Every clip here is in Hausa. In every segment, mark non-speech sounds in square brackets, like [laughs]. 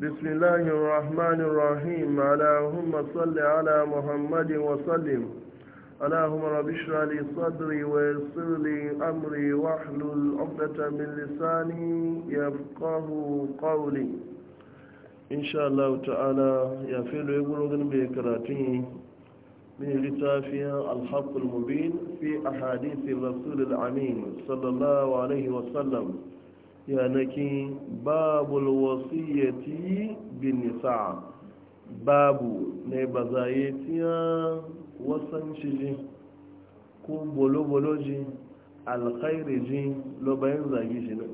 بسم الله الرحمن الرحيم اللهم صل على محمد وسلم اللهم رب اشرح لي صدري ويسر لي امري واحلل عقدة من لساني يفقه قولي ان شاء الله تعالى يا فيلو يقولون بكراتين من لتافيا الحق المبين في احاديث الرسول الامين صلى الله عليه وسلم yanakin babul wasiyyati bin nisa babu ne ba za yi tiya wasanci ji ko bolo-bolo ji alkhairi ji lobayin zagi ji nan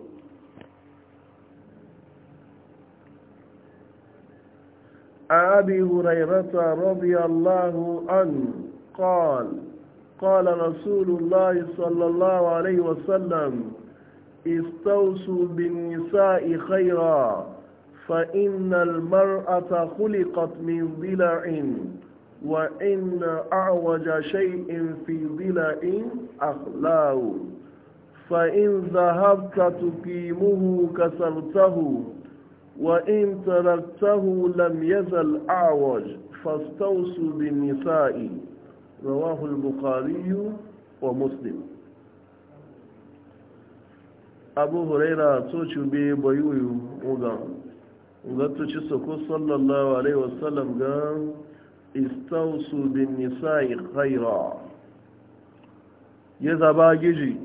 abi hurairata radiyallahu an قال قال رسول sallallahu alaihi الله عليه استوصوا بالنساء خيرا فإن المرأة خلقت من ضلع وإن أعوج شيء في ضلع أخلاه فإن ذهبت تقيمه كسرته وإن تركته لم يزل أعوج فاستوصوا بالنساء رواه البخاري ومسلم abu huraira to cube bayuyu uga gattu ci soko sallallahu alaihi wasallam ga istausu bin nisa'i khaira ya zaba giji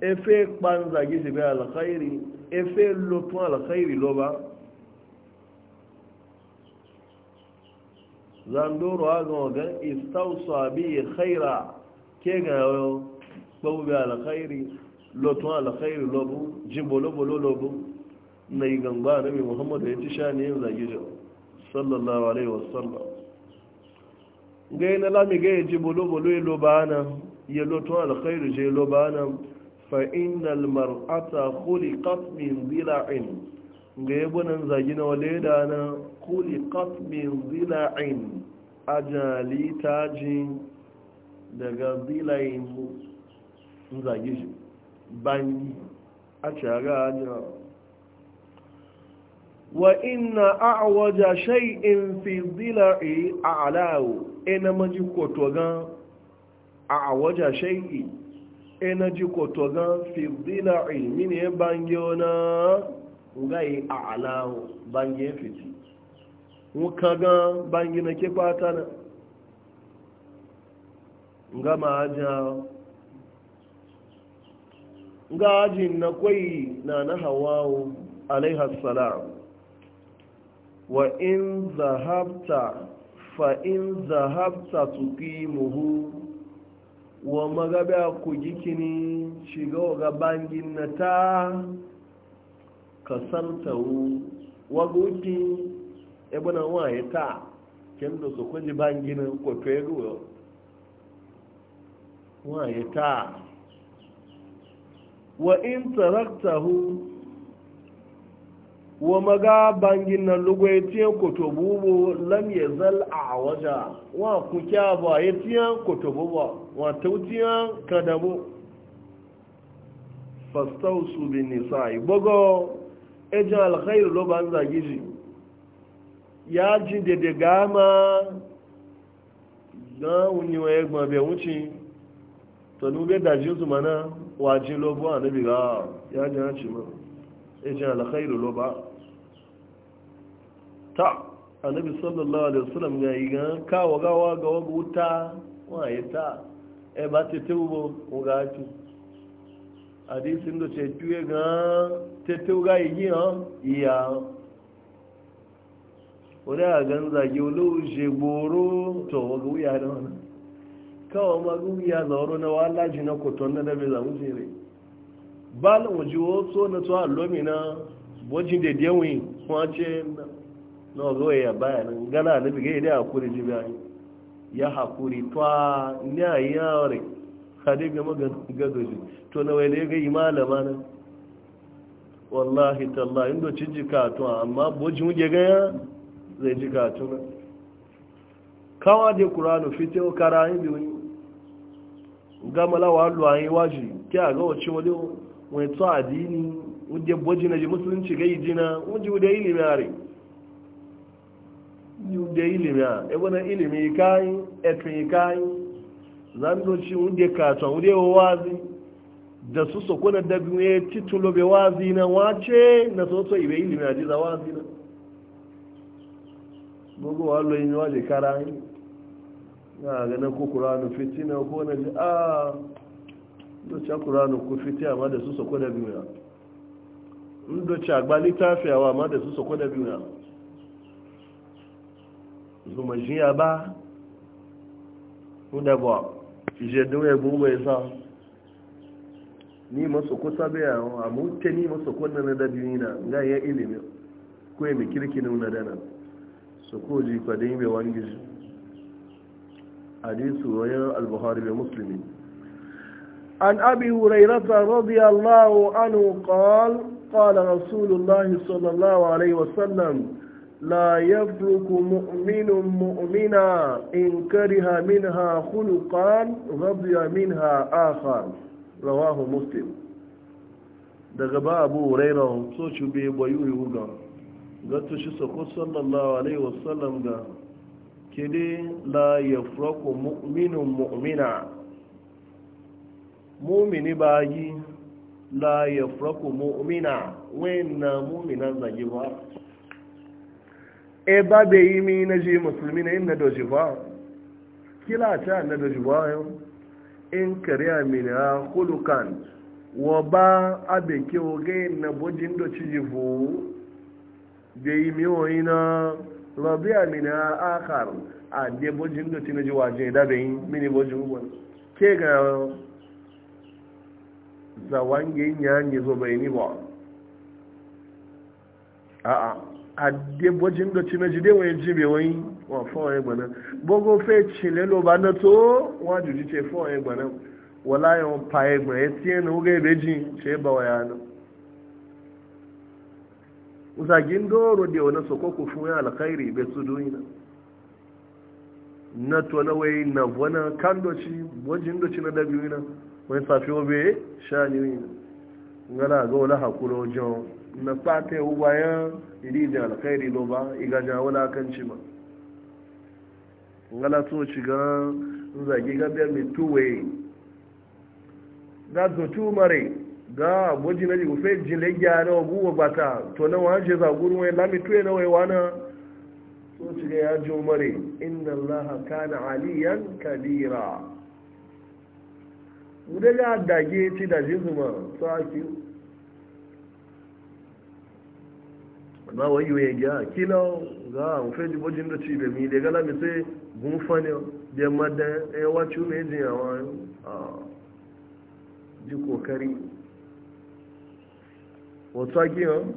efe kpanza giji bai alkhairi efe lotun alkhairi lo ba zandoro agan ga istausu bi khaira ke ga gbogbo alkhairi lotun alkhairu lobu jibolobolo lobo na yi na nabi muhammadu ya ci sha ne yin zage da sallallahu alaihi wasallam gai na lami gai jibolobolo ya loba ana ya lotun alkhairu je loba ana fa innal mar'ata kuli min dila'in ga yabo nan zage na wale da na khuliqat min a ajali tajin daga dila'in zage shi bangi a cara ajiyar wa ina a'awaja shay'in fi dilari a alawo ina e maji kotogan a'awaja shay'i ina e ji gan fi dilari mini ya e bangi ona ngayi a alawo bangi ya fiti wukagan bangi na ke kwata na gama ajiyar gajin na kwai na na hawawu alaihassalam wa in zahabta fa in zahabta muhu wa magabe a gikini shiga ga bangin na ta kasantawu wa guki ibn waye ta kendo su kuji bangin ko fego waye ta wa in hu wa maga bangin nan lugwai tiyan kotobubo lam ya zal a waja wa kukya ba ya tiyan kotobubu wa tautiyan kadabo nisa bin nisa'i bugo ejin alkhairu lo zagiji ya ji da gama gama wuni wa ya gbabe wucin to nube dajin su mana wajin lobo a nabi ga ya ji hanci ma ejin alkhairu loba ta annabi sallallahu alaihi wasallam ya yi gan kawo gawa ga waga wuta waye ta e ba te teubo ga ci hadisin da ce tuye gan te ga yi han iya wani a ganza zage olu je gboro to waga ya da wani kawo magu ya zauro na wala ji na koton na dabe za mu jere bala waje wato na to allomi na wajin da dewi kuma ce na wazo ya baya nan gana na bige da hakuri ji bayan ya hakuri to ne a yawar kade ga magagado shi to na wai ga imalama na wallahi talla inda ci jika to amma bojin wuge ya, zai jika to na kawa da kuranu fito karayin biyu gama lawa luwaye waji ki a ga wace wani wani to addini wuje boji na ji musulunci ga jina wuje wuje ilimi are wuje ilimi a ebe na ilimi e kai ekin kai zandoci kata katon wuje wazi da su so kuna da ne titulo be wazi na wace na soso ibe ilimi a ji za wazi na gbogbo wa lo yin waje kara yi na ganin ko ƙuranu fitina ko na ji ah, a doce ƙuranu ku fiti ma da su sako da biyu na doce agba littafiyawa ma da su sako da biyu na zumajiya ba ba ijedun ya gbogbo ya sa ni masu kusa biya a mutu ni masu kwanna na dabiwi na ga ya ilimin ko ya mai kirki na dana su ko ji da yi mai wani gizi حديث رواه البخاري ومسلم عن ابي هريره رضي الله عنه قال قال رسول الله صلى الله عليه وسلم لا يفرق مؤمن مؤمنا ان كره منها خلقا رضي منها اخر رواه مسلم ده ba abu raira so ci bai bayu yi wuga ga tushe sako sallallahu alaihi kede la yafraku mu'minun mu'mina mu'mini bayi la yafraku mu'mina wenna mu'mina zagi ba e ba be yi mi na ji musulmi na inna doji ba kila ta na doji ba yau in kariya min ha hulukan wa ba abe ke oge na bojin doci bu da yi miyoyi na rabia mina akhar a de bojin da tina waje da bai mini bojin wani ke ga zawange nyanyi zo bai ni ba a a a de bojin da tina ji de wani jibe wani wa fawaye gbana bogo fe chile ba na to wa juji ce fawaye gbana wala yawon paye gbana ya tiye na wuga ebe jin ce ba wa yana zagin doro da wani sokoko fun ya alkhairi bai su duniya na tolawai na wani kandoci wajen doci na dabiwi na wani safi obe sha niwi na gana ga wani hakuri wajen na fata yau bayan da alkhairi lo ba igajen wala kan ci ma ngala to ci ga zagi ga bai mai tuwe ga zo tu mare ga boji na jigo fai jin wa na guwa bata to na wani je zaguru wani lami tuye na wai wana so ci ga ya ji umare inna allah na aliyan kabira wuda ya dage ci da jizu ma so aki ba wai yi ya kila ga fai ji boji na ci da mi da ga lami sai gunfa ne da madan eh, ya wacce ne jin A ah. ji kokari wasu aki yawon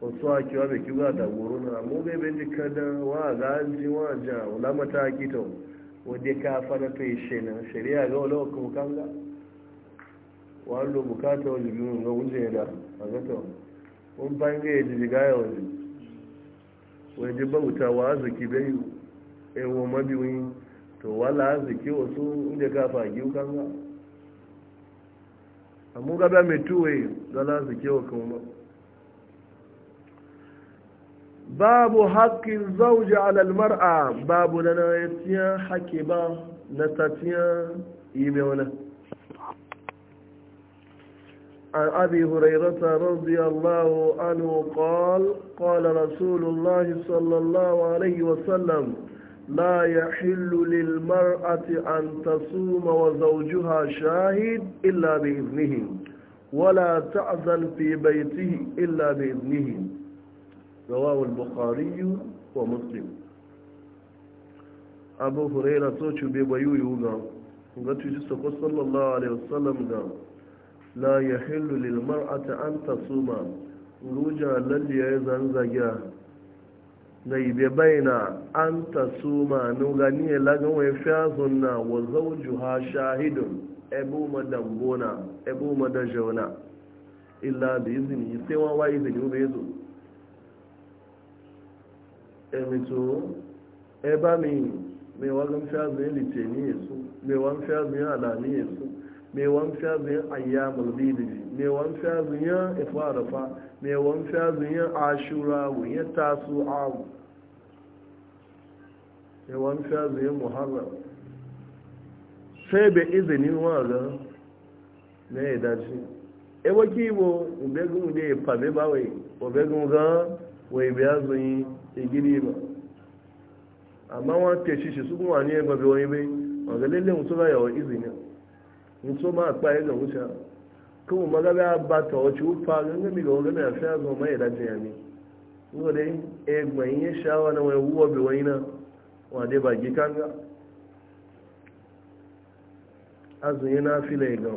wasu aki wa beki ba da goro na mu bai bai ji kada wa ga an ji wa ja wala mata aki to wadda ka fara ta yi shena shari'a ga wala kuma kanga wallo bukata wani biyu ga wunje da a gata wani bange ya e ji jiga ya e wani wani e bauta wa arziki bai ewu mabiyoyi to wala arziki wasu inda ka fagi kanga amma gaba mai tuwe zala su kewa kuma babu haƙƙin zauji alal mar'a babu na na yatiyan haƙƙi ba na tatiyan imewana عن أبي هريرة رضي الله عنه قال قال رسول الله صلى الله عليه وسلم لا يحل للمرأة أن تصوم وزوجها شاهد إلا بإذنه ولا تعزل في بيته إلا بإذنه رواه البخاري ومسلم أبو هريرة توشو بيبيو يوغا قلت جسكو صلى الله عليه وسلم دا. لا يحل للمرأة أن تصوم روجا للي يزن زجاه zai ibe baina an ta ma nuga niye lagan wai fiyazun na wa zauju ha shahidun ebu madan bona ebu madan illa bi izini sai wa wa izini ube yazo emito eba mi me wagan fiyazun litini yesu me yesu mai wamsa zuyan ayyamul bidiji mai wamsa zuyan ifarafa mai wamsa zuyan ashura wuyan su awu mai wamsa zuyan muharram sai bai izinin waga na ya dace ewa kibo obegun da ya fame ba wai obegun ga wai biya zuyi igiri ba amma wata shi shi su kuma ne ba bai wani bai wanda lalle mutu ba yawon izinin nso ma akpa yi ga wuce kuma magana ba ta wace ufa gangami ga wani mai afiya ga mai dajin yami no dai e ihe shawa na wai wuwa bi wai na wa dai ba gi kanga azun yi na fila ga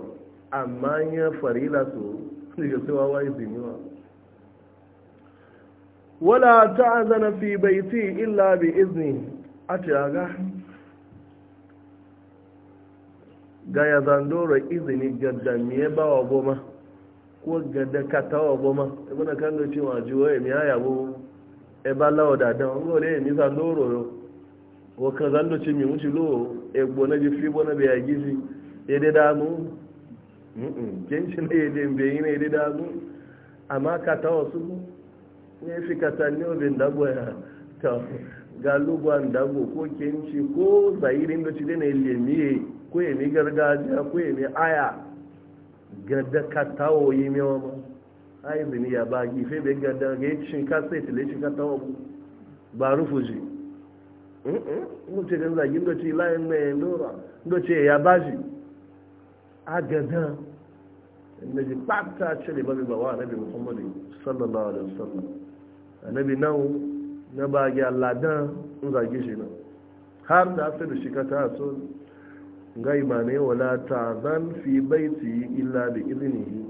amma ya farila so daga cewa wai ziniwa wala ta'zana fi baiti illa bi izni a ta ga ya zandoro izini gadda miye ba wa goma ko gadda kata wa goma ibina kan da cewa jiwo ya miya yabo e ba lawa da dan ngo le mi zandoro yo wo kan zando ci mi muti lo e gbona ji fi bona be agisi e de damu mm kenci ne e de be ina e de damu amma kata wa su ne fi kata ne obin dabo ya ta ga lugwan dabo ko kenci ko zairin da ci de ne lemiye ko ya mi gargajiya ko ya mi aya gada da ka tawo yi mewa ba yi zini ya ba gife bai ga da ga yi ka sai tile shinka tawo ba rufu ji in mm, mm. ce gan zagi layin mai lura ga ce ya ba shi a ga na ji ɓata ce ba ba wa annabi muhammadu sallallahu alaihi wasallam annabi nan na ba gi allah dan shi har da sai shi ka ta so gai ma ne wala ta zan fi baiti illa da izinihi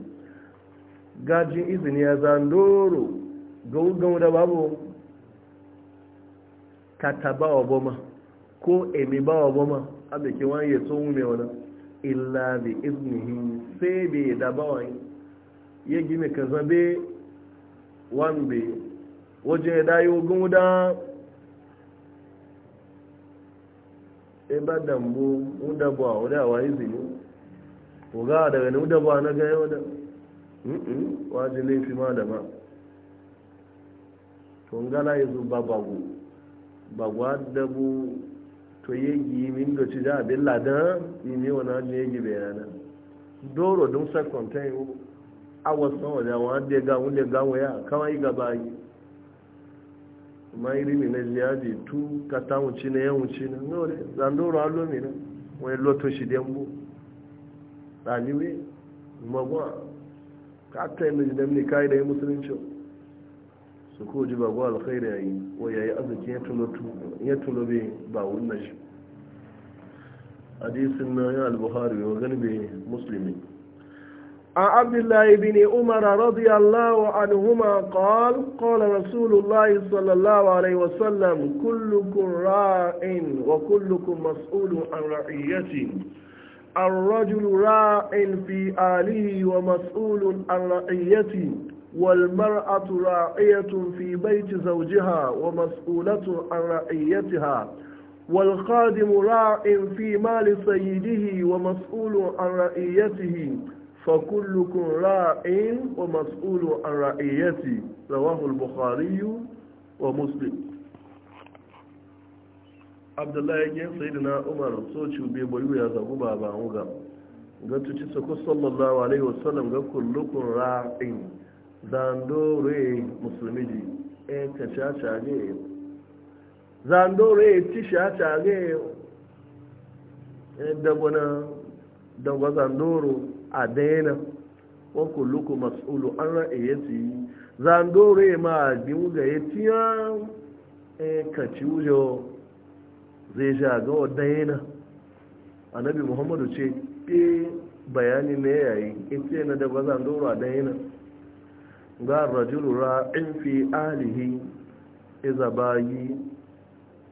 gajin izini ya zan doro gaugan da babu ka ba wa boma ko emeba ba wa boma abu ke wani ya tsohon mai wani illa da izinihi sai bai da ba wani ya gimi ka zabe wani bai wajen ya dayo gudan ba dambu udabwa wadda wa izini ga daga ni udabwa na ga da waje laifi ma da ba to ngala ba bagu bagwa dabu to yegi min do ci da bin ladan ni ne wana ne yegi bayana doro dun sa contain awasan wajen wa de ga wunde ga waya kawai gaba yi ma irimi na ziyaji tu kata wuci na yan wuci na nore zandoro alo mi na wani loto shi den bu ɗaliwe magwa ka ta yi da kai kayi da yi musulunci su ko ji ba gwa alkhairu ya yi wa ya yi arziki ya tulo bai ba wunan shi hadisin na yi al-buhari wa gani bai musulmi عن عبد الله بن عمر رضي الله عنهما قال قال رسول الله صلى الله عليه وسلم كلكم راع وكلكم مسؤول عن رعيته الرجل راع في آله ومسؤول عن رعيته والمرأة راعية في بيت زوجها ومسؤولة عن رعيتها والخادم راع في مال سيده ومسؤول عن رعيته fakullukun ra’in wa matsulu a ra’iyyati rawahul buhariyu wa muslim abdullahi yake sayi na umar soci be bayu ya zagu ba ba huga ga tuci su kusan wa alaihi wasallam ga kullukun ra’in zandore musulmi ji e ka caca gaya zandore ti caca gaya e dagwana dagwa zandoro a daina wa kulluku mas'ulu an ra'aye su yi zandore ma biyu ga ya tiya e kaci wujo zai sha ga wa daina annabi muhammadu ce e bayani ne yayi ita na da ba zandoro a daina ga ra ra'in fi ahlihi iza bayi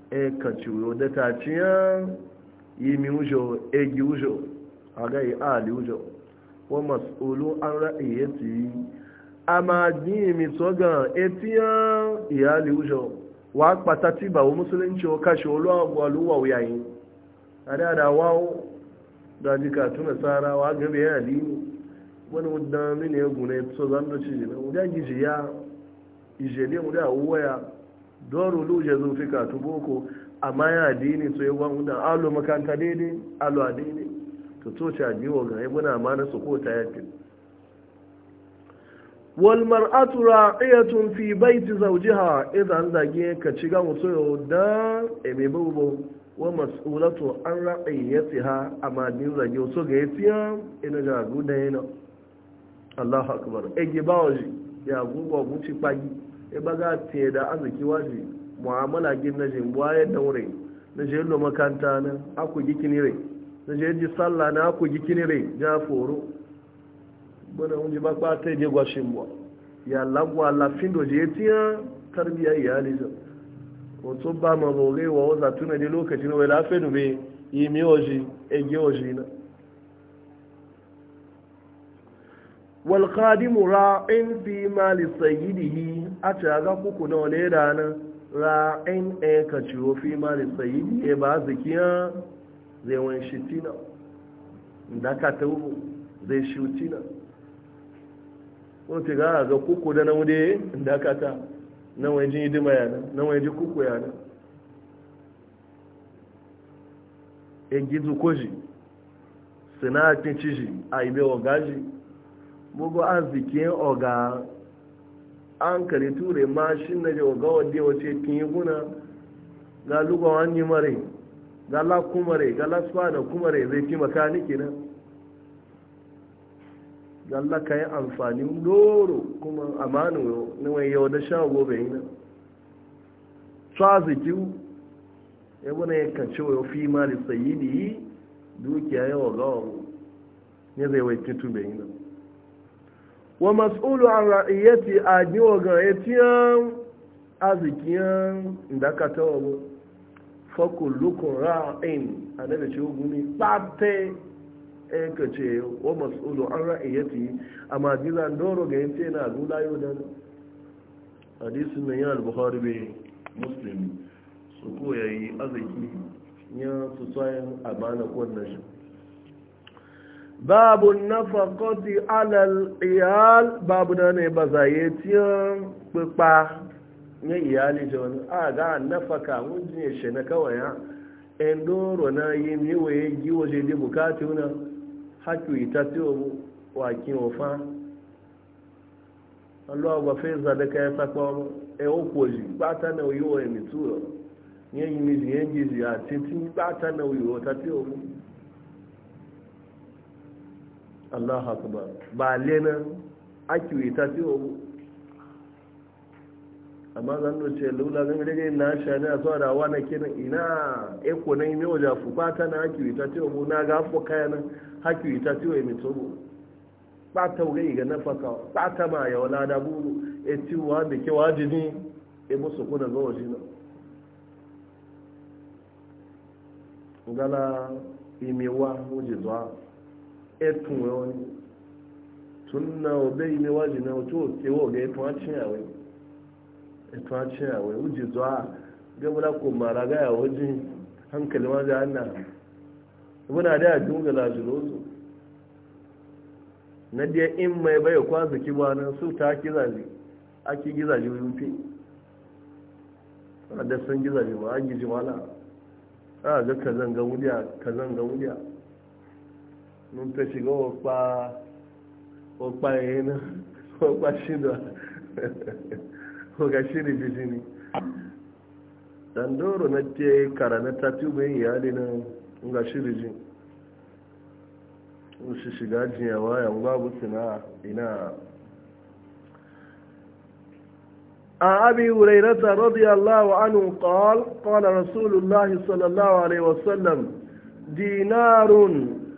e kaci wujo da ta ciya yi mi wujo e gi wujo a ga yi ahli wa mas'ulu an ra'iyati ama ji mi so gan iyali ujo wa patati ba wo musulunci o kashi olu agwalu wa uyayin ada da wawo da jika tuna tsara wa gabe ya dini wani wadda mini ya gune so zan da ci na wadda gishi ya ijele mu da waya doro luje ya dini so yawan wadda alo makanta adini to coci a jiwo ga ya muna amana su ko ta yafi wal mar'atu ra'iyatun fi baiti zawjiha idan zage ka ci ga mutu da ebe bubu wa mas'ulatu an ra'iyatiha amma din zage so ga yatiya ina ga guda yana Allahu akbar ege bawaji ya gugwa guci pagi e baga tiye da arziki waji mu'amala gin na jin waye daure na jelo makanta na aku gikinire sai je ji sallah na ku gi kinire ja foro bana unji ba kwa ta je gwashin mu ya lagwa fin do je tiya tarbiya iyali o to ba ma boge wa waza tuna da lokacin wai lafin be yi mi oji ege oji na wal qadimu ra'in fi mali sayyidihi a ta ga kuku na wale da nan ra'in e ka ciwo fi mali sayyidi e ba zakiya zai wani shi tina da ka ta zai shi tina wani ga ga kuku da na wude da ka ta na wani jin hidima yana na wani ji kuku yana e gizu koji sinatin ciji a ibe ogaji bugu arzikin oga an kare ture ma shi na oga wadda wace kin guna ga lugawa an yi gala kumare gala kuma kumare zai fi makaniki na gala ka yi amfani loro kuma amanu na wani yau da sha gobe yi na tsazi ziki ya wani ya kanci wa fi mali yi dukiya yawa gawa mu ne zai wai fitu bai yi na wa mas'ulu an ra'iyyati a niwa ga etiyan azikiyan da aka tawa mu fakullukun ra'in a daga ce gumi tsate ka ce wa mas'ulu an ra'in ya ti amma gizan doro ga yace na lula yau da hadisin nan yana buhari bai muslim su koya yi arziki ya su tsayin amana kwanan shi babu nafakoti alal iyal babu na ne ba zaye tiyan ne iyali ta wani aga ga nafaka wajen ya shi na kawai ya ɗan na yi miwa ya yi waje da bukatu na haƙi ita ce wa wakin ofa Allah ba fai zadaka ya sakwa mu e okoji ba ta na uyo emitu mituro nye yi mi yen gizi a tintin ba ta na uyo ta ti o Allah akbar ba lena akiwi ta ti o amma zan do ce lula zan rage na shani a zuwa da wani kiran ina eko na ime waje fuka ta na haki wita ce obu na ga afo kaya na haki wita ce wa imi tobo ba ta wuri ga na faka ba ta ma ya wala da buru e ci wa da ke wajini e musu kuna ga waje na ngala ime wa waje zuwa e tun wani tun na obe ime waje na wato kewa ga e tun a cin ito a ce wai wuji zuwa gabula ko mara gaya waje hankali ma da hannu muna da a ga lajirozu na dai in mai bai kwaza ba nan su ta kizaje ake gizaje wuce a da san gizaji ba an giji na a ga kazan ga wudiya kazan ga wudiya mun ta shiga ọpa ọpa ẹ̀yẹ náà shi ṣídọ̀ ko [laughs] ga shiri biji ne dan doro na te kara na tatu bai iyali na shiri ji shiga sina ina أبي هريرة رضي الله عنه قال قال رسول الله صلى الله عليه وسلم دينار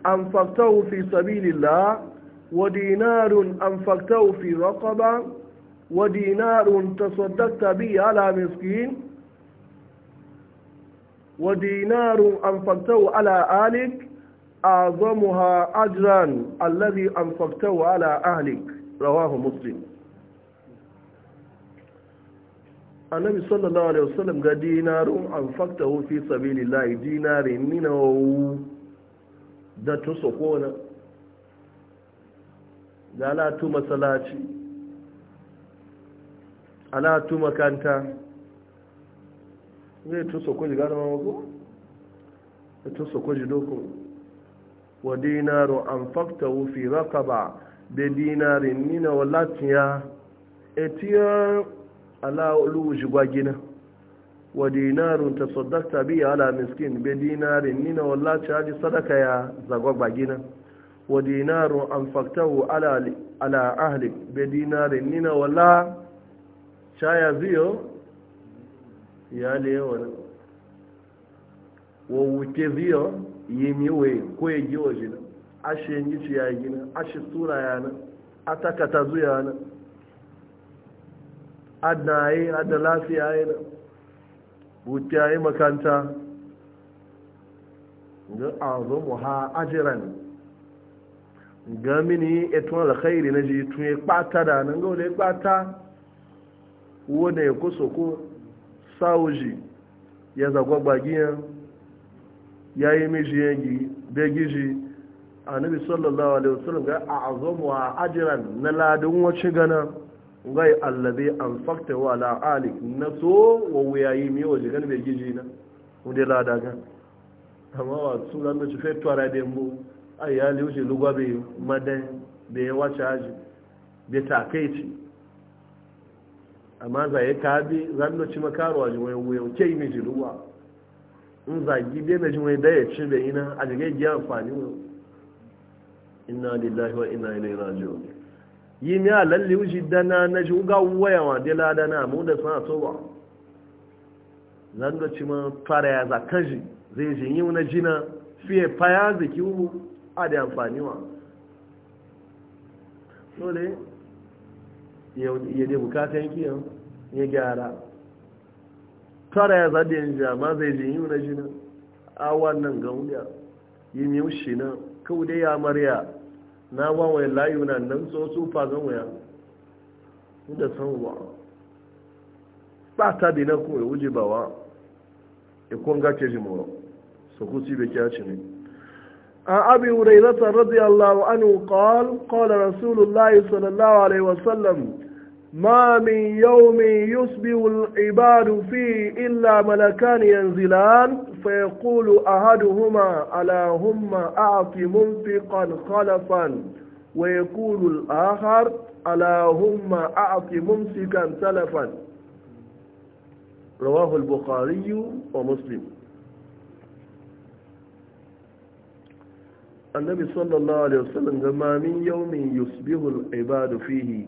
أنفقته في سبيل الله ودينار أنفقته في رقبة ودينار تصدقت به على مسكين ودينار أنفقته على آلك أعظمها أجرا الذي أنفقته على أهلك رواه مسلم annabi sallallahu alaihi wasallam ga dinarun an faktahu fi sabilillahi dinarin minawu da tusokona da la tu masalaci ala tu makanta zai tun sokoji gano mako ya tun sokoji doko? wa dinaru an fakta wufi rakaba da dinarin nina wa latiya etiyar ala oluwuji gwagina wa dinarun ta sadakta biya ala miskin be dinarin nina wallaci ji sadaka ya zagwagba gina wa dinarun an wu ala ahli. be dinarin nina walla chaya ziyo yale yawan wawuke ziyo yi miwe ko ya giwa jina ashe yangici ya gina ashe tura yana a takata zuya yana adna yi adda lafiya na wuce ayi makanta ga azumu ha ajiran ga mini etuwa alkhairi na ji tun kpata da nan ga wale kpata wanda ya kusa ko sauji ya zagwa bagiyan ya yi mishi yangi begiji annabi sallallahu alaihi wasallam ga a'zamu wa ajran na ladun wacce gana gai allazi anfaqta wa la alik naso wa wayayi mi waje gana begiji na wanda lada ga amma wa su ga mu fe twara de mu ayali wuce lugabe madan be wacha aji be takaiti amma za ya kabi zan ci makarwa ji wayan wuyan ke mi ji ruwa in za gibe na ji wayan daya ci da ina a jirgin giya amfani wa ina lillahi wa ina ilaihi raji'un yi ne a lalle wuji dana na ji uga wuwaya wa de la dana mu da sana to ba zan ci ma fara ya za ji zai ji yi na jina fiye faya zaki wu a da amfani wa dole ya dai bukatan yau ya gyara tara ya zaɗe yin jama zai jin yi na jina a wannan gauniya yi miyu shi na kawai dai ya marya na wawaye layu na nan so su fagen waya inda san wa ba ta bi na kuma ya wuce ba wa ikon gace jimoro su kusi bai kyaci ne عن أبي هريرة رضي الله عنه قال قال رسول الله صلى الله عليه وسلم ما من يوم يصبح العباد فيه إلا ملكان ينزلان فيقول أحدهما اللهم أعط منفقا خلفا ويقول الآخر اللهم أعط ممسكا سلفا رواه البخاري ومسلم النبي صلى الله عليه وسلم ما من يوم يصبح العباد فيه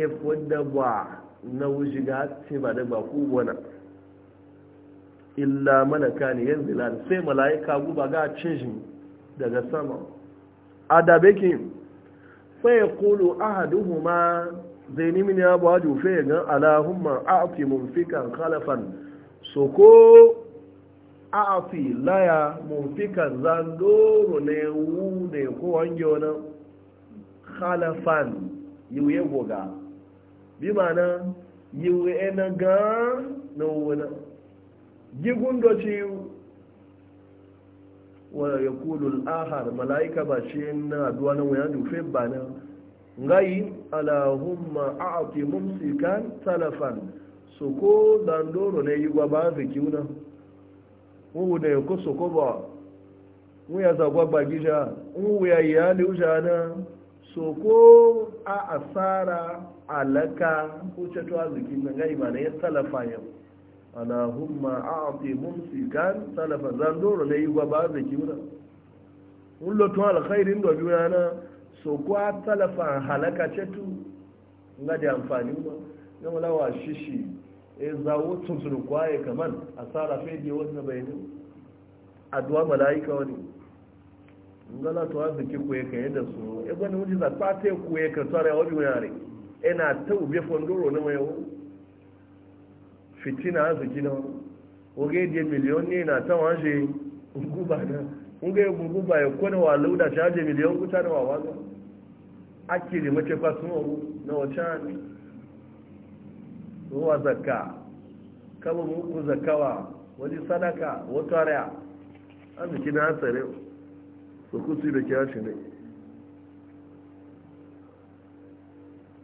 efo wadda ba na wuce ga ce ba da ba ku illa malaka ne yanzu lan sai mala'ika guba ga cin daga sama adabekin sai kulu ahaduhuma zai nimi ne abu alahuma ya gan alahumma a'afi mumfikan khalafan so ko a'afi laya mumfikan zando ne wu ne ko wange wani khalafan yiwuye goga bi yi yiwe na gan na wuna ji gundo ci wa ya kulul ahar mala'ika ba ce na aduwa na wuya dufe ba na ngayi alahumma a'ati mumsikan talafan soko ko dandoro ne yi gwaba ziki kiuna. wuwu ne ko so ko ba wuya zagwagba gija yi iyali wujana so ko a asara alaka ko cato arzikin na ba mana ya talafa yau alahumma a ake mumsi gan talafa zan doro na yi gwaba arziki wuna lotun alkhairin da juna na so ko a talafa halaka cato nga da amfani ba na malawa shishi e zawo tuntun kwaye kamar asara fai biyu na bayanin addu'a mala'ika wani ngala to arziki ku yake yadda su e bani wuji za ta te ku yake tsare wabi yare ina e, ta ube fondoro na mayo fitina arziki na oge die miliyon ne na ta wanje na unge guba ya kona wa lauda ta je miliyon guta na wawaza akiri mace kwasu na wata ruwa zakka zakawa wani sadaka wata na tsare su kusi da kyashi ne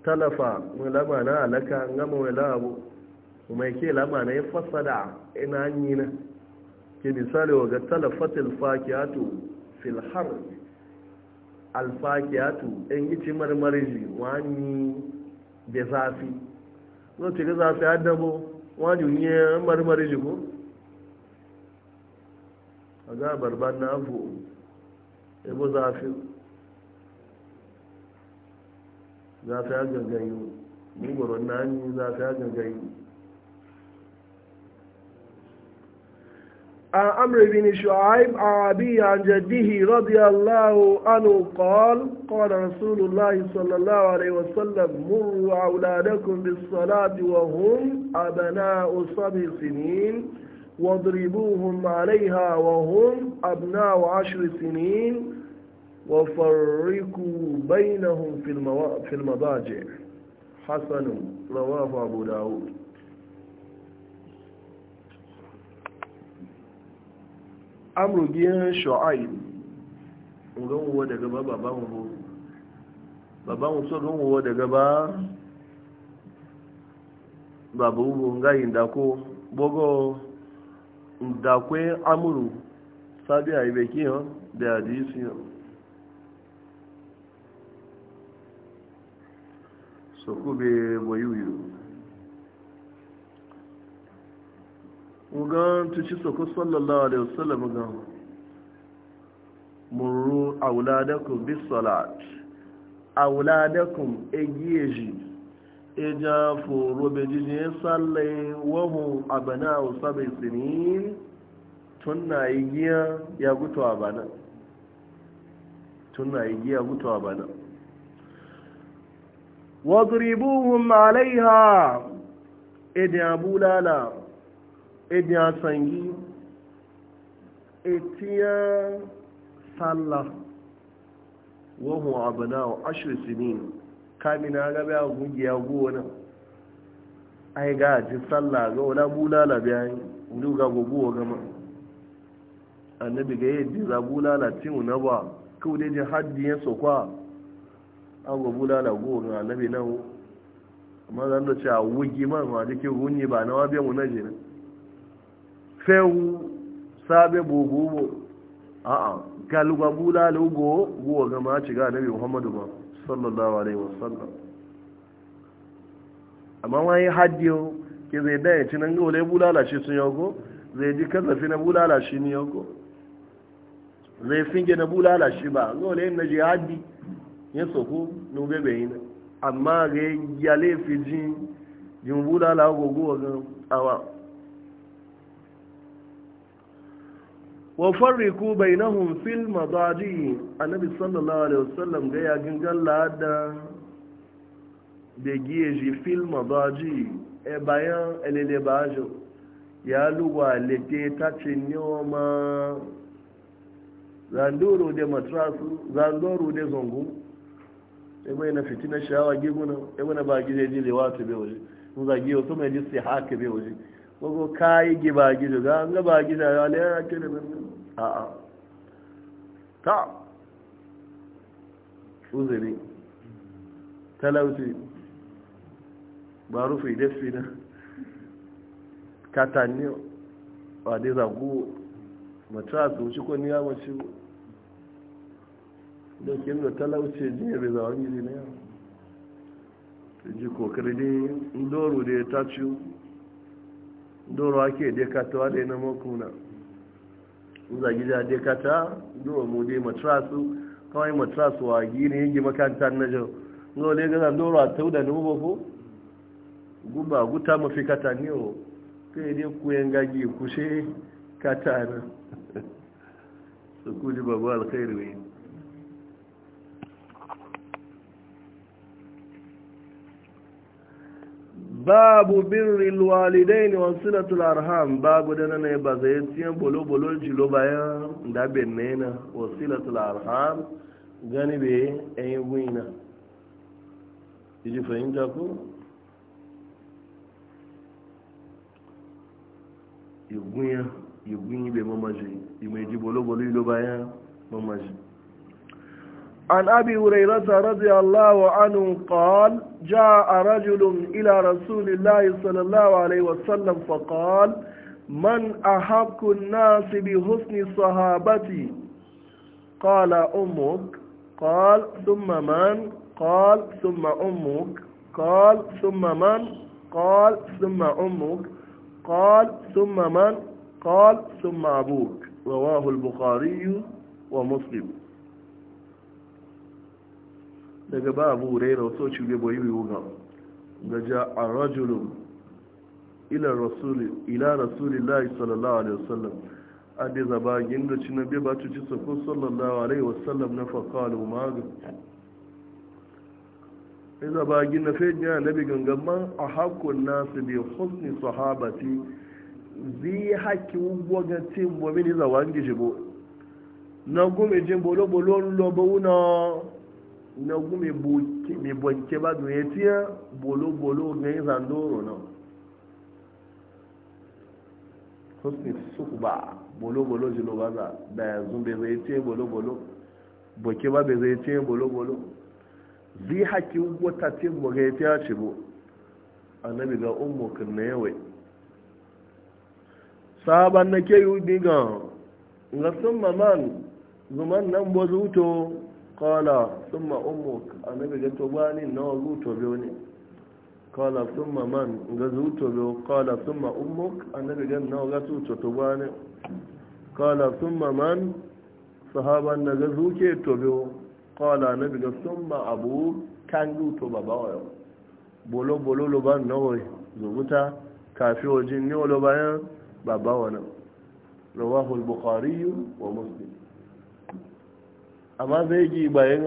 talafa mai lama na alaka gama mai labu mai ke lama na ya fasada ina hanyi na ke misali wa ga talafatil fakiyatu fil har alfakiyatu yan marmari ji wani da zafi lokaci ga zafi haddabo wani yi marmari ji ko a gabar ban na abu ibu zafin za ta gangayi mugurin nani za ta gangayi an amri bin shu'aib a abiya radiyallahu anu qal qala rasulullahi sallallahu alaihi wasallam muru auladakum bis salati wa hum abna'u sab'i sinin wadribuhum 'alayha wa hum abna'u 'ashri sinin وفرقوا بينهم في الموا... في المضاجع حسن رواه أبو داود أمر جين daga so ganwa daga ba ngayi ndako ndakwe amuru sabi da so kube bayuyu ugan tuci soko sallallahu alaihi wasallam gan murru auladakum bis salat auladakum egiyeji eja foro bejije sallai wahun abana usabi sinin tunna igiya ya gutu abana tunna igiya gutu abana wadribuhum alaiha idan bulala idan sangi etiya sallah wahun abana a ashirin sinin kamina gaba ya gugiya gona ai ga ji sallah ga wala bulala bayan duga gogowa gama annabi ga yadda za bulala tinu na ba kawai da haddi ya sokwa agwa bulala goro na nabi hu amma zan da cewa wugi man ma dake gunyi ba na wa bi mu na jina fehu sabe bogobo a'a galuga bulala go go ga ma ci ga nabi muhammadu ba sallallahu alaihi wasallam amma wani hadiyo ke zai daya ci nan gole bulala shi sun yago zai ji kazafi na bulala shi ne yago zai finge na bulala shi ba gole na jihadi yẹn sọ̀kú ní o bẹ̀bẹ̀ yìí àmọ́ rẹ̀ yalé fi jìn jìnbú lálàá gbogbo ọ̀gán àwà. wa farriku bainahum fil madaji annabi sallallahu alaihi wasallam ga ya gingan lada da giyeji fil e bayan elele bajo ya luwa lete ta ebe na fitina shawa giguna ebe na ba gije ji lewa ta bai waje in za giyo su mai jisi haka bai waje wago yi gi ba gije ga an ga ba gije ya ne ya ke da nan a a ta uzuri talauci ba rufe dafi na katanni ba dai zagu mace a tsoci ko ni ya mace dokin da talauce jiya bai zawon gizi na yawa ta ji kokari ne ndoro da ya taci ndoro ake dekatawa da na makuna zagi da dekata ndoro mu dai matrasu kawai matrasu wa gini yanki makanta na jau ndoro ne gaza ndoro a tau da nubo ko guba guta mafi kata ne o kai dai kuyen gagi kushe kata na [laughs] su kuli babu alkhairu ne babu birril walidain wa silatul arham babu da nan ba zai tiyan bolo bolo jilo bayan da benne na wa silatul gani be ayi wina ji fahimta ku igunya igunya be mamaji imeji bolo bolo ilo bayan mamaji عن أبي هريرة رضي الله عنه قال جاء رجل إلى رسول الله صلى الله عليه وسلم فقال من أحق الناس بحسن صحابتي قال أمك قال ثم من قال ثم أمك قال ثم من قال ثم أمك قال ثم من قال ثم أبوك رواه البخاري ومسلم daga ba abu huraira wato cube boyi biyu ga gaja a rajulun ila rasulillahi sallallahu alaihi wasallam a da zaba ginda ci na bai ba ci sako sallallahu alaihi wasallam na fakalu maga ya zaba gina fai ya nabi gangamman a hakun nasu bai husni sahabati zai haki gwagwatin bomin izawa gishi bo na gome jin bolo-bolo lobo wuna na gu mai bonke ba ga ya tiya bolo-bolo ne yi zandoro nan husni suku ba bolo-bolo jilo ba za da yanzu bai zai tiya bolo-bolo bonke ba bai zai tiya bolo-bolo zai haki wata ce ba ga ya tiya ce bo annabi ga umukin na yawai sabon na ke yi digan ga sun maman zuman nan bo zuto kala thumma ummuk annabi ga to wani na wazu to biyo ne qala thumma na ga to to wani qala thumma man sahaban na ga zu ke to biyo qala annabi ga thumma abu kan zu to baba wa bolo bolo lo wa amma zai gi bayan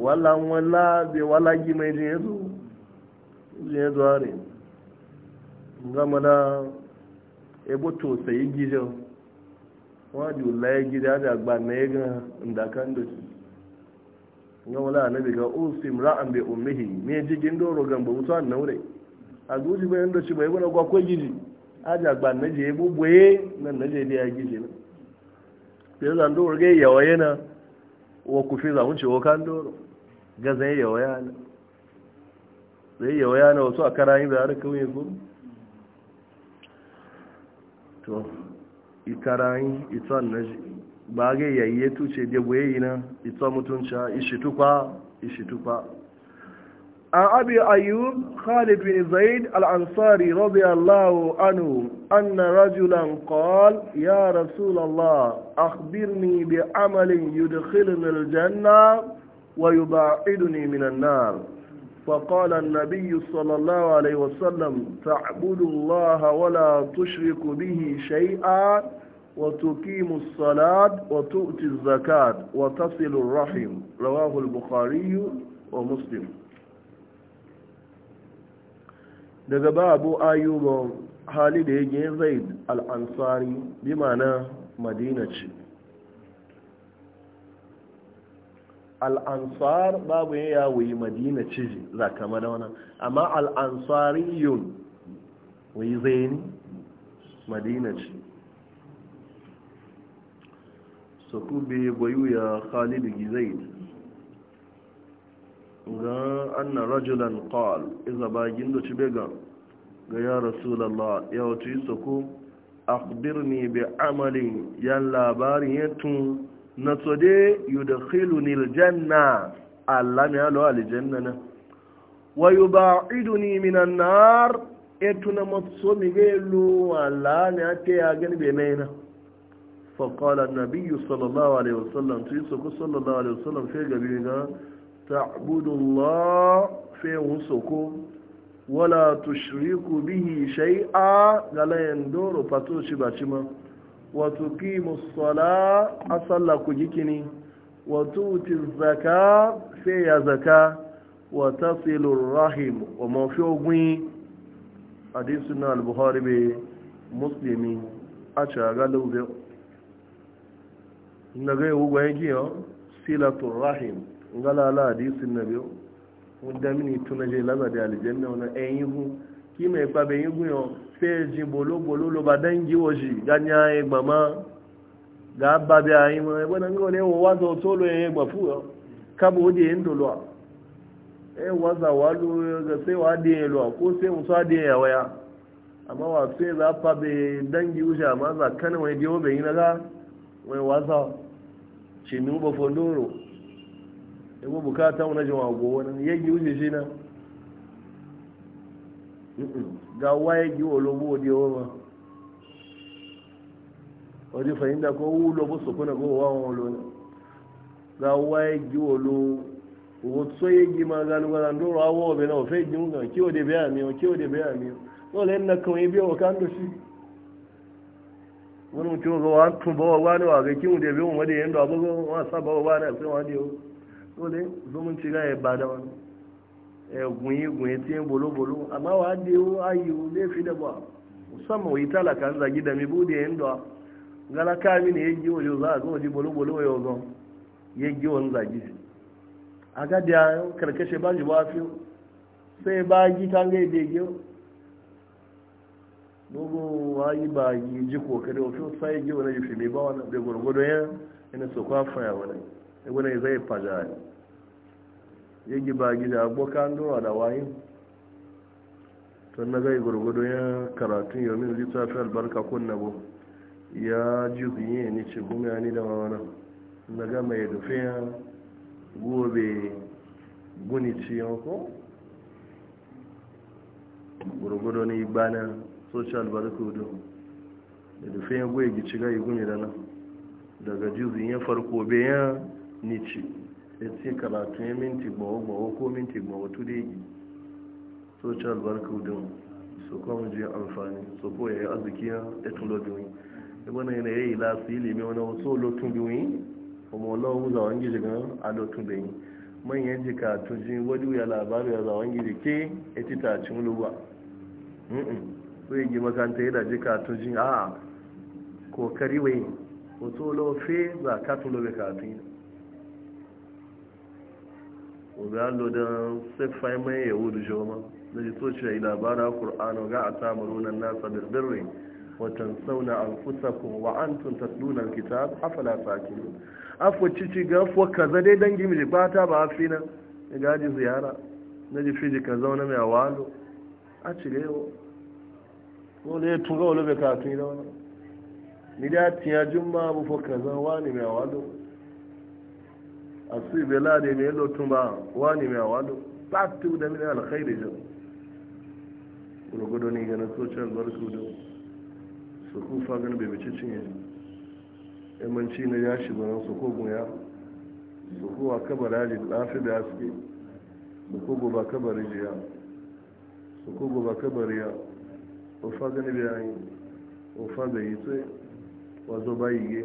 wala wala be e wala gi mai jin yazo jin yazo are ngama da ebo to sai gijo wadi wallahi gida da gba inda kan do e ngama la nabi ga usim ra'an bi gị me jigin doro gamba mutan na a guji bayan da shi bai gona gwa ko gidi aja gba na je bubuye nan na je ya gidi na ọrụ ga ga zai yawa yana yawa yana wasu a karayin da harkar wuyin guru to ikarayi ita na ba ga yayye tuce da buye na ita mutunca ishi tufa ishi tufa an عن أبي أيوب خالد بن زيد الأنصاري رضي الله عنه أن رجلا قال يا رسول bi amalin بعمل يدخلني الجنة ويباعدني من النار فقال النبي صلى الله عليه وسلم تعبد الله ولا تشرك به شيئا وتقيم الصلاة وتؤتي الزكاة وتصل الرحم رواه البخاري ومسلم daga ba abu ayyuban hali da ya zaid al'ansari bi mana madina ce al'ansar babu yin yawoyi madina ciji za ka da wannan amma al'ansariyun wai zaini madina ci su kube bayu ya khalidu gizaid ga anna rajulan qal iza bagin gindo ci bega ga ya rasulallah ya wato yi su ku akbirni bi amalin yan labarin yatun na tsode yudkhilu nil janna Allah ya lo aljanna na wa yubaiduni minan nar na matso mi gelu Allah ya te ya gani be mena fa qala an-nabiy sallallahu alaihi wasallam tu yusuku sallallahu alaihi wasallam fe gabi ga ta'budu Allah fe wusuku wala tushriku bihi shay'a galayen doro pato shi ba bacima wa tuqimu as-sala asalla ku jikini wa tuti zaka sai ya zaka wa tasilu rahim wa mafi ogun hadisu na al-bukhari be musulmi a caga laube na ga yiwu gwaye giyo silatun rahim ngalala hadisun na biyu wadda mini tuna je laza da aljanna wani ɗan yiwu kima ya kwabe yiwu yau feji bolo-bolo lo ba dangi oji ganya ya gbama ga abba e bi a yi ma e ebe na nga wani ewu waza otu olu ya gba fu ya kaba odi ya a ya ya wani wani na ga waye gi olobo odi owa odi fahimta ko wulo bu su kuna gowa wa olo ne ga waye gi olo wo tsoye gi ma ga lugara ndoro awo be na ofe gi nga ki ode be ami o ki ode be ami o le na kan ibi o kan shi wani mutum ga wa tun ba wa ne wa ga ki ode be o ma de yendo abugo wa sa ba wa na sai wa de o dole zumunci ga ya bada wani gunye-gunye tiye bolo-bolo amma wa da yiwu ayyu laifi da ba musamman wai talaka an zagi da mai bude yin da gala kami ne ya gi wajo za a ga waje bolo ya wazo ya gi wani a ga da karkashe ba ji ba fi sai ba gi kan ga ya gi dogo ba gi ji kokari wato gi wani jifi mai ba yagi ba gida abokan ndowa da wayin to zai gurgudu ya karatun yomin littafi albarka kun nabo ya ji biye ni ce gumiya ni da mawana na gama mai dufe ya gobe guni ci yanko gurgudu ni bana social barka hudu da dufe ya goye gici gai gumi da nan daga jirgin ya farko bayan ni ci ya ce karatu ya minti gbawo-gbawo ko minti gbawo tudegi social barka don su kuma je amfani su ko ya yi arziki ya tulo biyu ya bane yana ya yi lasu ilimi wani wasu lotun biyu kuma wala wu zawon gizi ga a lotun da yi manyan jika tunji wadu ya labari ya zawon gizi ke ya ci tacin luwa ko yi makanta ya da ka tunji a kokari wai wasu lofe za ka lobe bai katun ga lodan sifai mai da joma. na ji soci da labara kur'anu ga a runan nasa birbirin watan sauna an fusa kuma wa an tun tattunan kitab afala sakilu afo cici ga fo kaza dai dangi da bata ba afina Na ji ziyara na ji fiji ka zauna mai awalo a cire yau ko ne tun ga wani bai kafin da wani ni da tiya jimma bu fo kaza wani mai awalo asu bela da mai lotun ba wani mai awado tsattu da mini alkhairi jau gurgudu ne ganin social barku da su kufa gani bai bici cinye yamanci ne ya shi banan su kogun ya su kuwa kabara ji lafi da haske su kogo ba kabari jiya su kogo ba kabari ya ufa gani bai yi ufa bai yi sai wazo bayi yi